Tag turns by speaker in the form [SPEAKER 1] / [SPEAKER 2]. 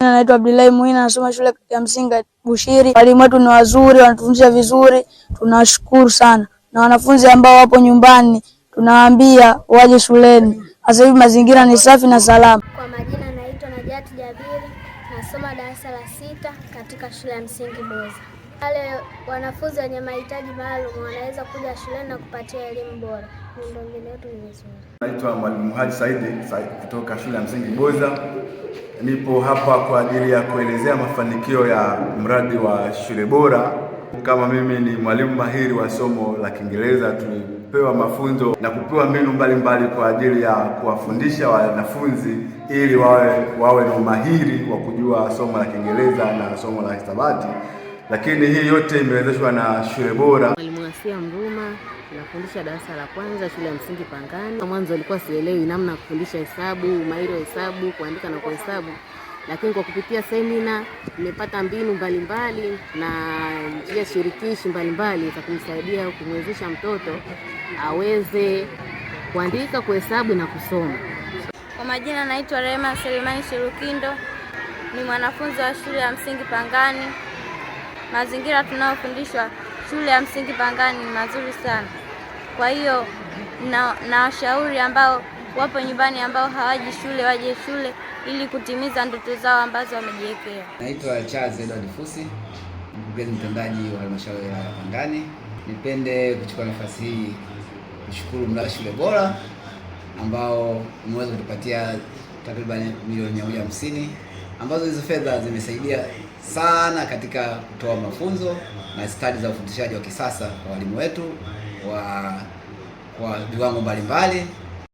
[SPEAKER 1] Naitwa Abdullahi Muina, nasoma shule ya msingi Bushiri. Walimu wetu ni wazuri, wanatufundisha vizuri, tunashukuru sana. Na wanafunzi ambao wapo nyumbani, tunawaambia waje shuleni. Sasa hivi mazingira ni safi na salama.
[SPEAKER 2] Kwa majina naitwa Najati Jabiri, nasoma darasa la sita katika shule ya msingi Boza. Wale wanafunzi wenye mahitaji maalum wanaweza kuja shuleni na kupatiwa elimu bora. Miundombinu yetu ni mizuri.
[SPEAKER 3] Naitwa Mwalimu Haji Saidi kutoka shule ya msingi Boza. Nipo hapa kwa ajili ya kuelezea mafanikio ya mradi wa shule bora. Kama mimi ni mwalimu mahiri wa somo la Kiingereza, tulipewa mafunzo na kupewa mbinu mbalimbali kwa ajili ya kuwafundisha wanafunzi ili wawe wawe na umahiri wa kujua somo la Kiingereza na somo la hisabati, lakini hii yote imewezeshwa na shule bora.
[SPEAKER 4] Asia Mruma, nafundisha darasa la kwanza shule ya msingi Pangani. Mwanzo alikuwa sielewi namna kufundisha hesabu, umahiri wa hesabu, kuandika na kuhesabu, lakini kwa kupitia semina nimepata mbinu mbalimbali na njia shirikishi mbalimbali za kumsaidia kumwezesha mtoto aweze kuandika, kuhesabu na kusoma.
[SPEAKER 5] Kwa majina naitwa Rehema Selemani Shirukindo, ni mwanafunzi wa shule ya msingi Pangani. Mazingira tunayofundishwa shule ya msingi Pangani ni mazuri sana. Kwa hiyo na, na washauri ambao wapo nyumbani ambao hawaji shule waje shule ili kutimiza ndoto zao ambazo wamejiwekea.
[SPEAKER 6] Naitwa Charles Edward Fusi, mkurugenzi mtendaji wa halmashauri ya Pangani. Nipende kuchukua nafasi hii kushukuru mradi shule bora ambao umeweza kutupatia takriban milioni mia moja hamsini ambazo hizo fedha zimesaidia sana katika kutoa mafunzo na stadi za ufundishaji wa kisasa kwa walimu wetu wa kwa viwango mbalimbali.